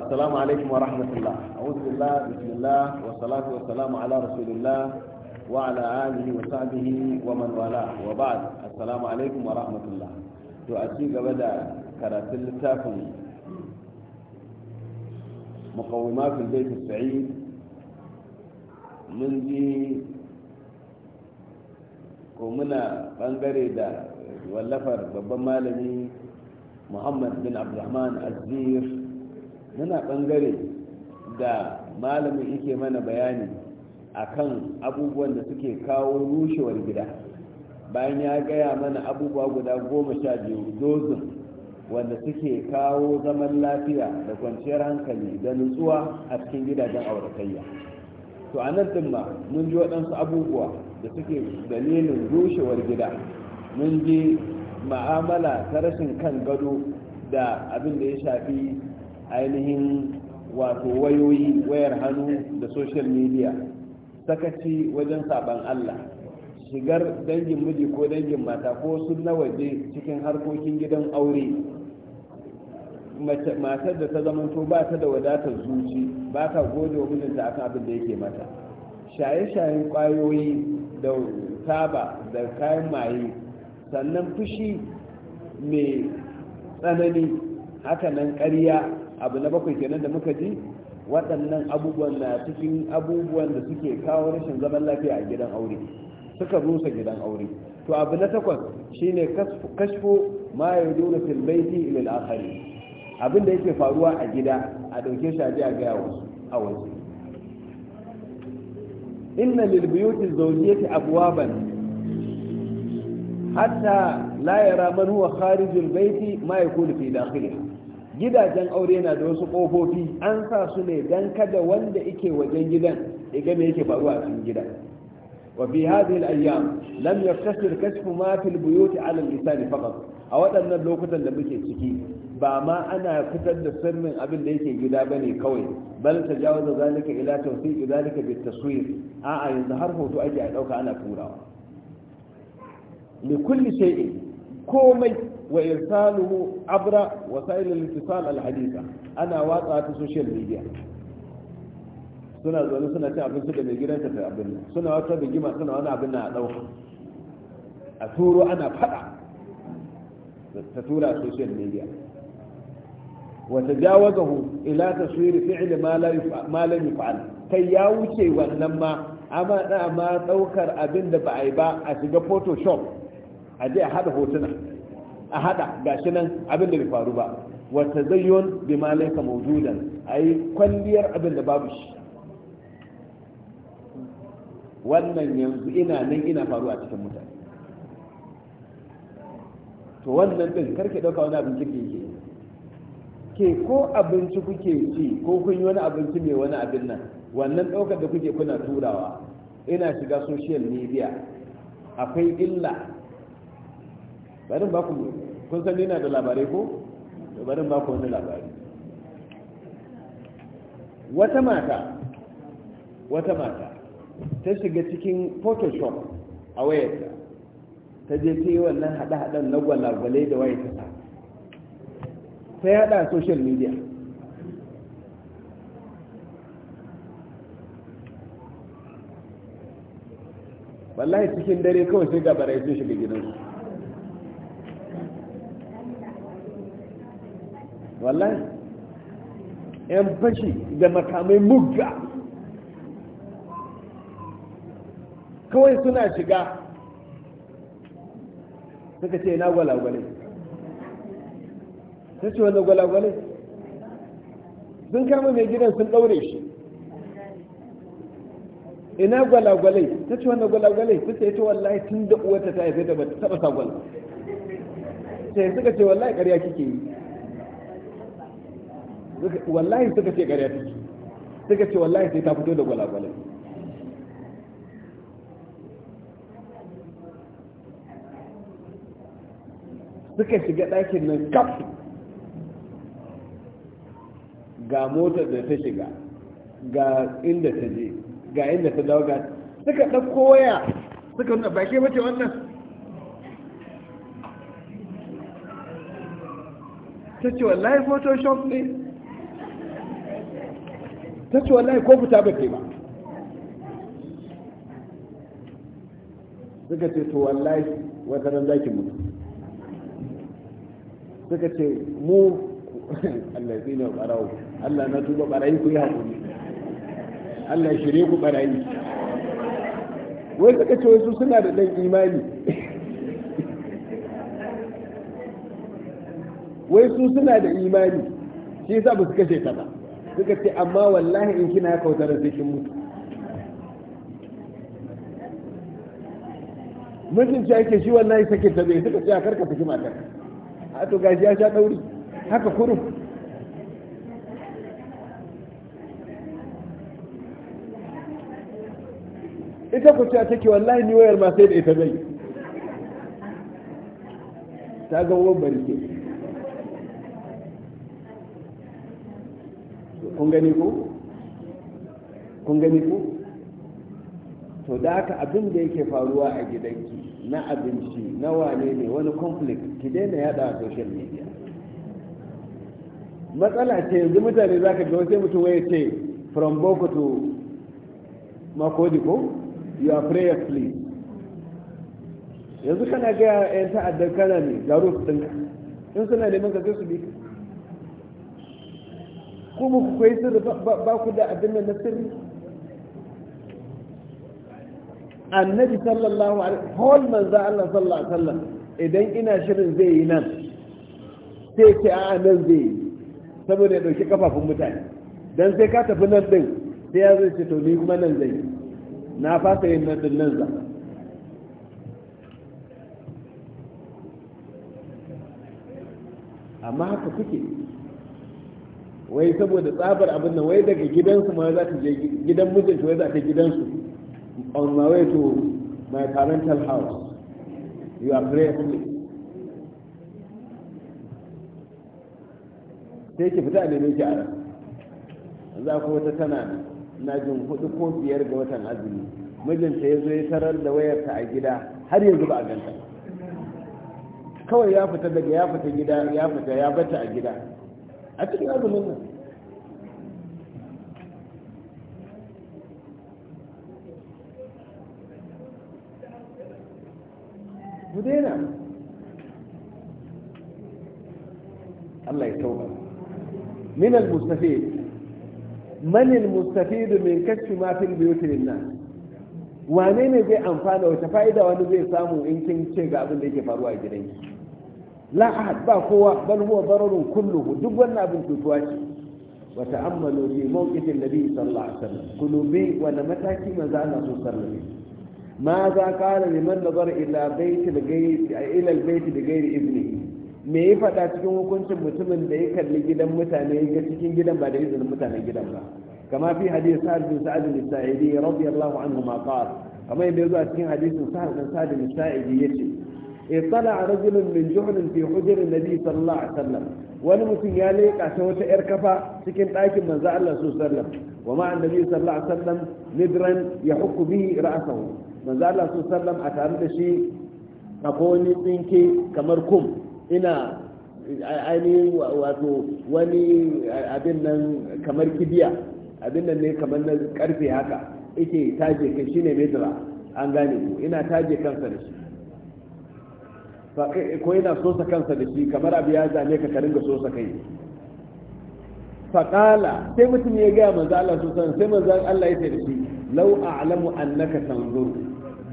السلام عليكم ورحمة الله أعوذ بالله بسم الله والصلاة والسلام على رسول الله وعلى آله وصحبه ومن والاه وبعد السلام عليكم ورحمة الله تؤتي قبل كرات التافن مقومات البيت السعيد من دي كومنا بنغري واللفر بابا مالني محمد بن عبد الرحمن الزير muna bangare da malamin yake mana bayani akan abubuwan da suke kawo rushewar gida bayan ya gaya mana abubuwa guda goma sha biyu dozin wanda suke kawo zaman lafiya da kwanciyar hankali da nutsuwa a cikin gidajen auratayya to anan nan din ma mun ji waɗansu abubuwa da suke dalilin rushewar gida mun ji ma'amala ta rashin kan gado da abin da ya shafi ainihin wato wayoyi wayar hannu da social media sakaci wajen saban allah shigar dangin miji ko dangin mata ko sun na waje cikin harkokin gidan aure matar da ta zamanto ba ta da wadatar zuci ba ta gode wa mijinta akan abin da yake mata shaye-shayen kwayoyi da taba da kayan maye sannan fushi mai tsanani hakanan ƙarya abu na bakwai kenan da muka ji waɗannan abubuwan na cikin abubuwan da suke kawo rashin zaman lafiya a gidan aure suka rusa gidan aure to abu na takwas shine kashfu ma yaduna fil baiti lil akhari abin da yake faruwa a gida a dauke shi a ji a ga wasu a waje inna lil buyuti zawjiyati abwaban hatta la yara man huwa kharij al baiti ma yakunu fi gidajen aure na da wasu ƙofofi an sa su ne don kada wanda yake wajen gidan ya game yake faruwa a cikin gida. wa fi hadhihi al-ayyam lam yaktasir kashfu ma fil buyut 'ala al-lisan faqat a waɗannan lokutan da muke ciki ba ma ana fitar da sirrin abin da yake gida ba ne kawai bal da zalika ila tawsiq zalika bit taswir a'a yanzu har hoto ake a dauka ana turawa li kulli shay'in komai wa irsaluhu abra wasail al-ittisal al-haditha ana watsa ta social media suna zaune suna cin abinci da mai gidansa ta abin suna wata bigima suna wani abin na ɗauka. a turo ana fada ta tura social media wa tajawazahu ila taswir fi'l ma la ma la kai ya wuce wannan ma amma da ma daukar abin da ba a yi ba a shiga photoshop a je a hada hotuna a hada gashi nan abin da bai faru ba wa tazayyun bima laysa mawjudan ai kwalliyar abin da babu shi wannan yanzu ina nan ina faru a cikin mutane to wannan din karke dauka wani abin kike yi ke ko abinci kuke ci ko kun yi wani abinci mai wani abin nan wannan daukar da kuke kuna turawa ina shiga social media akwai illa barin ba ku kun san yana da labarai ko to barin ba ku wani labari wata mata wata mata ta shiga cikin photoshop a wayarta ta je ta yi wannan haɗe-haɗen na gwalagwalai da waye ta ta yada social media wallahi cikin dare kawai sai ga barai sun shiga gidansu wallahi yan fashi da makamai mugga kawai suna shiga suka ce na gwalagwale ta ce wanda gwalagwale sun kama mai gidan sun ɗaure shi ina gwalagwale ta ce wanda gwalagwale ta ce ta wallahi tun da uwarta ta haife da ba ta taba sa gwal sai suka ce wallahi ƙarya kike yi wallahi suka ce ƙarya take suka ce wallahi sai ta fito da suka shiga ɗakin nan kaf ga motar da ta shiga ga inda ta je ga inda ta dawo ga suka ɗauko waya suka nuna ba mace wannan ta ce wallahi photoshop ne ta ce wallahi ko fita ba ba suka ce to wallahi wata nan zaki mutu suka ce mu Allah ya tsina barawo Allah na tuba barayi ku yi hakuri Allah shirye ku barayi wai suka ce wasu suna da dan imani wai su suna da imani shi yasa ba su kashe ta ba suka ce amma wallahi in kina ya kautar da kin mutu mutum ce ake shi wallahi sake ta bai suka ce a karka kima matar a to gashi ya sha dauri haka kurum ita ku ce take wallahi ni wayar ma sai da ita zai ta ga wani barke kun gani ku? kun gani ku? to da haka abin da yake faruwa a gidanki na abinci na wane ne wani conflict ki daina yada a social media matsala ce yanzu mutane za ka gawa sai mutum waye ce from boko to makodi ko your prayer please yanzu kana ga 'yan ta'addar kana ne su ɗinka in suna neman ka su bi ka Kuma ba ku koyi sirri ba ku da abin nan na sirri annabi sallallahu alaihi hol manzo Allah sallallahu alaihi wasallam idan ina shirin zai yi nan sai ce a nan zai yi saboda ya dauki kafafun mutane dan sai ka tafi nan din sai ya zai ce to ni kuma nan zai yi na fasa yin nan din nan za amma haka kuke wai saboda tsabar abin nan wai daga gidansu ma za ta je gidan mijinta wai za ta gidansu on my way to my parental house you are me sai ki fita a neme ki ara. za ku wata tana na jin hudu ko biyar ga watan azumi mijinta ya zo ya tarar da wayarta a gida har yanzu ba a ganta kawai ya fita daga ya fita gida ya fita ya bata a gida a cikin azumin nan ku daina Allah ya tauba min al-mustafid man al-mustafid min kashfi ma fil buyut lin wane ne zai amfana wata fa'ida wani zai samu in kin ce ga abin da yake faruwa a gidanki la ahad ba kowa bal huwa dararun kulluhu duk wannan abin cutuwa ce wa ta'ammalu fi mawqifin nabi sallallahu alaihi wasallam kulubi wa na mataki manzo Allah su sallame ma za qala liman nazara ila baiti da gairi ila albayti da gairi ibni me ya faɗa cikin hukuncin musulmin da ya kalli gidan mutane ya ga cikin gidan ba da izinin mutanen gidan ba kama fi hadith sa'ad bin sa'ad bin sa'idi radiyallahu anhu ma qala kama yanzu yazo a cikin hadisin sa'ad bin sa'ad bin sa'idi yace اطلع رجل من جحر في حجر النبي صلى الله عليه وسلم wani mutum ya leƙa ta wata 'yar kafa cikin ɗakin manzo Allah su sallam wa ma annabi sallallahu alaihi wasallam nidran ya hukku bihi ra'sahu manzo Allah su sallam a tare da shi akwai wani tsinke kamar kum ina ainihin wato wani abin nan kamar kibiya abin nan ne kamar na karfe haka ita taje kai shine midra an gane ina taje kansa da shi ko yana sosa kansa da shi kamar abu ya zame ka karin sosa kai faƙala sai mutum ya gaya manzo Allah san sai manzo Allah ya ce da shi lau a'lamu annaka tanzur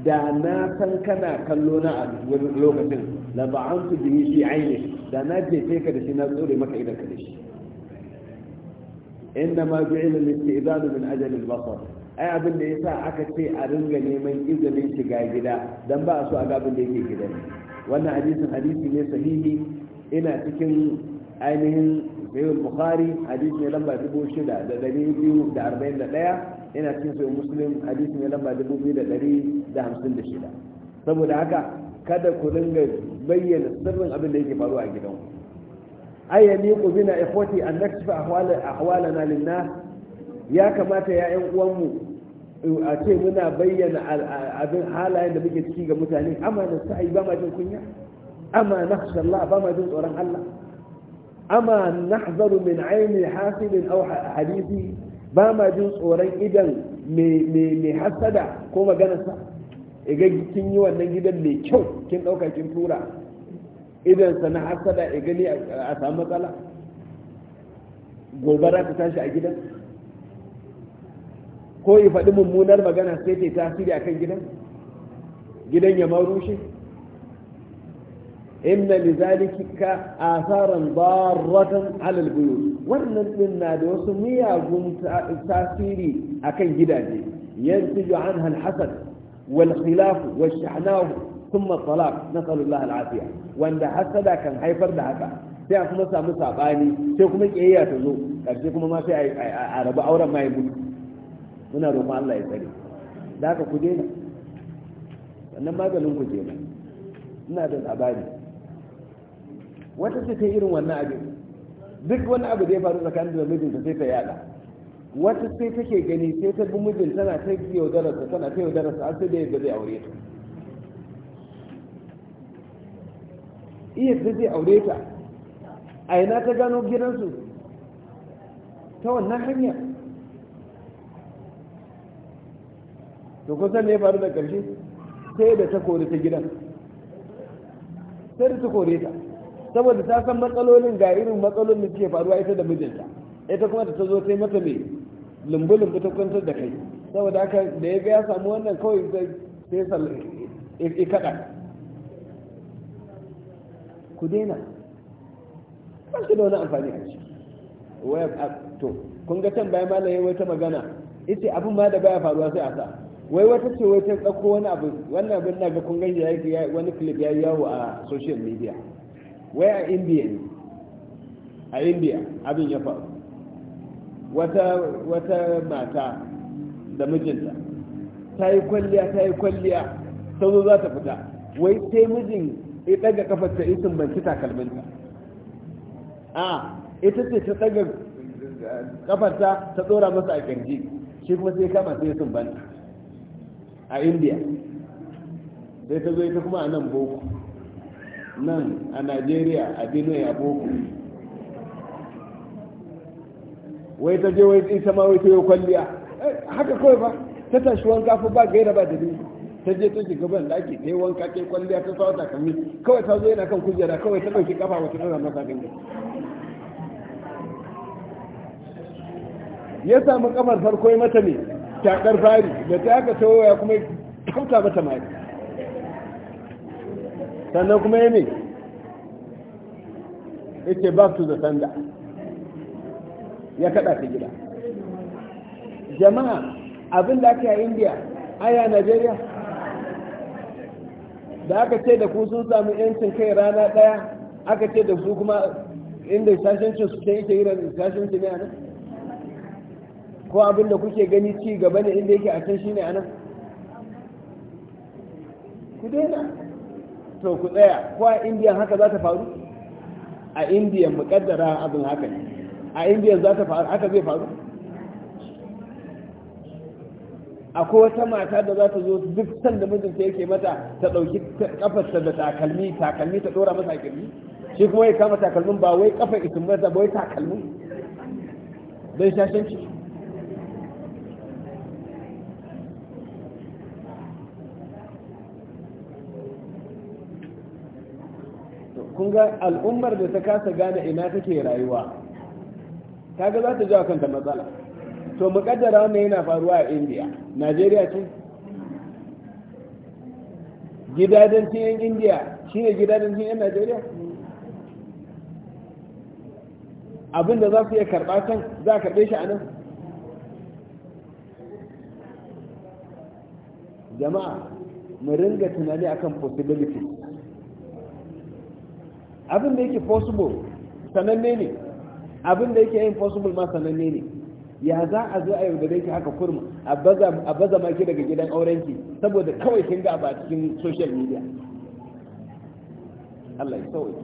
da na san kana kallo na a lokacin la ba'antu bihi fi aini da na jefe ka da shi na tsore maka idan ka da shi inna ma ju'ila al-istidadu min ajali al-basar ai abin da yasa aka ce a ringa neman izinin shiga gida dan ba a so a ga abin da yake gidan wannan hadisin hadisi ne sahihi ina cikin ainihin sayyid bukhari hadisi ne lamba 6241 ina cikin sayyid muslim hadisi ne lamba 2156 saboda haka kada ku dinga bayyana sirrin abin da yake faruwa a gidan gidanku ay yaliqu bina ikhwati an nakshifa ahwalana lin-nas ya kamata ya ƴan uwanmu a ce muna bayyana abin halayen da muke ciki ga mutane amana sa'i ba ma jin kunya amma nakhsha Allah ba ma jin tsoron Allah amma nahzaru min aini hasidin au hadisi ba ma jin tsoron idan mai hasada ko maganarsa iga kin yi wannan gidan mai kyau kin ɗauka kin tura sa na hasada iga ne a samu matsala gobara ta tashi a gidan ko ya faɗi mummunar magana sai ta tasiri akan gidan gidan ya ma rushe inna li zalika asaran darratan ala albuyut wannan din na da wasu miyagun tasiri akan gidaje yansiju anha alhasad wal khilaf wal shahnahu thumma talaq nasallallahu alafiya wanda hasada kan haifar da haka sai a kuma samu sabani sai kuma kiyayya ta zo karshe kuma ma sai a rabu auren ma ya mutu muna roƙon Allah ya tsare da aka ku daina wannan maganin ku na ina da labari wata ce ta irin wannan abin duk wani abu da ya faru tsakanin da mijinta sai ta yada wata sai take gani sai ta bi mijin tana ta ta tana ta yaudara ta sai da yadda zai aure ta iya ta zai aure ta a ina ta gano gidansu ta wannan hanyar. to kusan ne faru da ƙarshe sai da ta kori ta gidan sai da ta kori ta saboda ta san matsalolin ga irin matsalolin da ke faruwa ita da mijinta ita kuma da ta zo sai mata mai lumbulin ta kwantar da kai saboda haka da ya ga ya samu wannan kawai sai sai kada ku daina ba shi da wani amfani a ciki web app to kun ga can bayan malam wata magana ita abin ma da baya faruwa sai a sa wai wata ce wai ta tsako wani abu wannan abin na ga kun gani wani clip ya yawo a social media wai a india ne a india abin ya faru wata wata mata da mijinta ta yi kwalliya ta yi kwalliya sauzo za ta fita wai sai mijin ya daga kafar ta isin banci takalminta a ita ce ta daga kafarta ta tsora masa a kirji shi kuma sai kama sai sun banta a india sai ta zai ta kuma a nan boko nan a nigeria a benue a boko wai ta je wai ita ma wai ta yi kwalliya eh, haka kawai ba ta tashi wanka fa ba gaira ba da dalili ta je ta shiga ban daki ta yi wanka ta yi kwalliya ta sawa takalmi kawai ta zo yana kan kujera kawai ta ɗauki kafa wata ɗora masa ganga ya samu kafar farko mata ne takar fari da ta aka tawaya kuma kamta mata mari sannan kuma ya ne yake back to the sanda ya kada ta gida jama'a abin da ake a india aya nigeria da aka ce da ku sun samu yancin kai rana daya aka ce da su kuma inda cin su ta yi ta yi da sashen cin yana ko abin da kuke gani ci gaba ne inda yake a can shine a nan ku daina to ku tsaya ko a indiya haka za ta faru a indiya mukaddara abin haka ne a indiya za ta faru haka zai faru akwai wata mata da za ta zo duk sanda mijinta yake mata ta ɗauki kafarsa da takalmi takalmi ta ɗora masa kirmi shi kuma ya kama takalmin ba wai kafar isin ba wai takalmin don shashanci kun ga al'ummar da ta kasa gane ina take rayuwa kaga za ta jawo kanta matsala to mu kaddara wannan yana faruwa a India Najeriya ce gidajen cikin India ne gidajen cikin Najeriya abin da za su iya karɓa kan za a karɓe shi a nan jama'a mu ringa tunani akan possibility abin da yake possible sananne ne abin da yake impossible ma sananne ne ya za a zo a yau da ki haka kurma a baza maki daga gidan aurenki saboda kawai kin ga ba cikin social media Allah ya sauki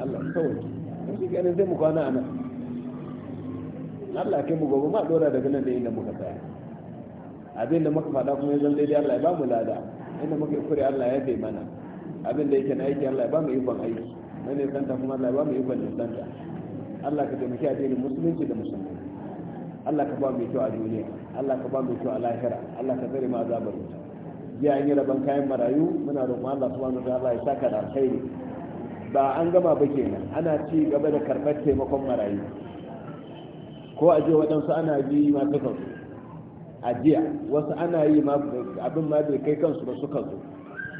Allah ya sauki in shi ganin zai mu kwana a nan Allah kai mu gobe ma dora daga nan da inda muka tsaya abin da muka faɗa kuma yanzu zama daidai Allah ya ba mu lada inda muka yi kure Allah ya bai mana abin da yake na aiki Allah ya ba mu ikon aiki na ne santa kuma Allah ba mu ikon ne santa Allah ka taimaki addinin musulunci da musulmi Allah ka ba mu kyau a duniya Allah ka ba mu kyau a lahira Allah ka tsare mu azabar wuta jiya an yi rabon kayan marayu muna roƙon Allah subhanahu wa ta'ala ya saka da alkhairi ba an gama ba kenan ana ci gaba da karɓar taimakon marayu ko a je waɗansu ana yi ma sukan su a jiya wasu ana yi abin ma bai kai kansu ba sukan su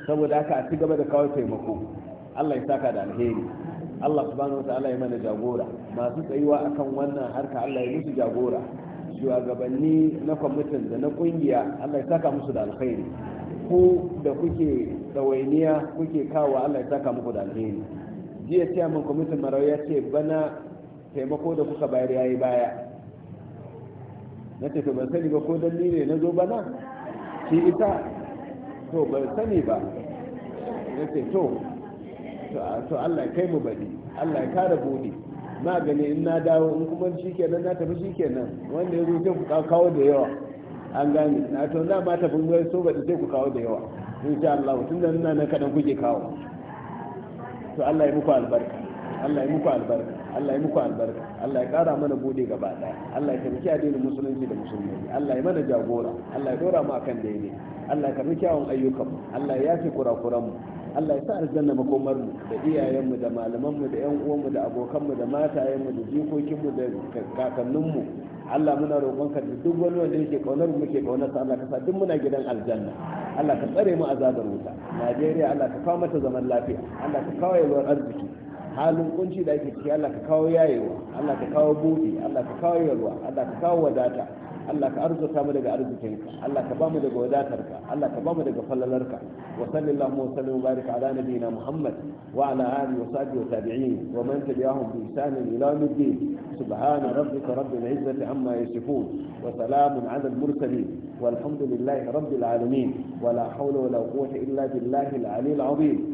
saboda haka a ci gaba da kawo taimako Allah ya saka da alheri Allah subhanahu ta'ala ya mana jagora masu tsayuwa akan wannan harka Allah ya musu jagora shugabanni na kwamitin da na kungiya Allah ya saka musu da alheri ku da kuke tsawainiya kuke kawo Allah ya saka muku da alheri jiya chairman kwamitin marau ya ce bana taimako da kuka bayar yayi baya na ce to ban sani ba ko dan ne na zo bana shi ita to ban sani ba na ce to to Allah kai mu bari Allah ya kara bude na gani in na dawo in kuma shi kenan na tafi shi kenan wanda ya zo ku kawo da yawa an gane na to na ma tafi wai so ba zai ku kawo da yawa insha Allah tun da ina nan kadan kuke kawo to Allah ya muku albarka Allah ya muku albarka Allah ya muku albarka Allah ya kara mana bude gaba daya Allah ya tabbaki addinin musulunci da musulmai Allah ya mana jagora Allah ya dora mu akan daidai Allah ya karbi kyawun ayyukan mu Allah ya yafe kurakuran mu Allah ya sa aljanna makomar mu da iyayen da malaman da yan uwan da abokan da matayen mu da jikokin mu da kakanninmu. mu Allah muna roƙonka da duk wani wanda yake kaunar mu muke kaunar sa Allah ka sa duk muna gidan aljanna Allah ka tsare mu azabar wuta Najeriya Allah ka kawo mata zaman lafiya Allah ka kawo yalwar arziki halin kunci da ake ciki Allah ka kawo yayewa Allah ka kawo buɗi Allah ka kawo yalwa Allah ka kawo wadata Allah ka arzuta mu daga arzikinka Allah ka ba mu daga wadatarka Allah ka ba mu daga fallalarka wa sallallahu wa sallam Barika ala nabiyyina Muhammad wa ala alihi wa sahbihi wa tabi'in wa man tabi'ahum bi ihsan ila yawmiddin subhana rabbika rabbil izzati amma yasifun wa salamun ala al mursalin والحمد لله Wala العالمين ولا حول ولا illa إلا بالله العلي العظيم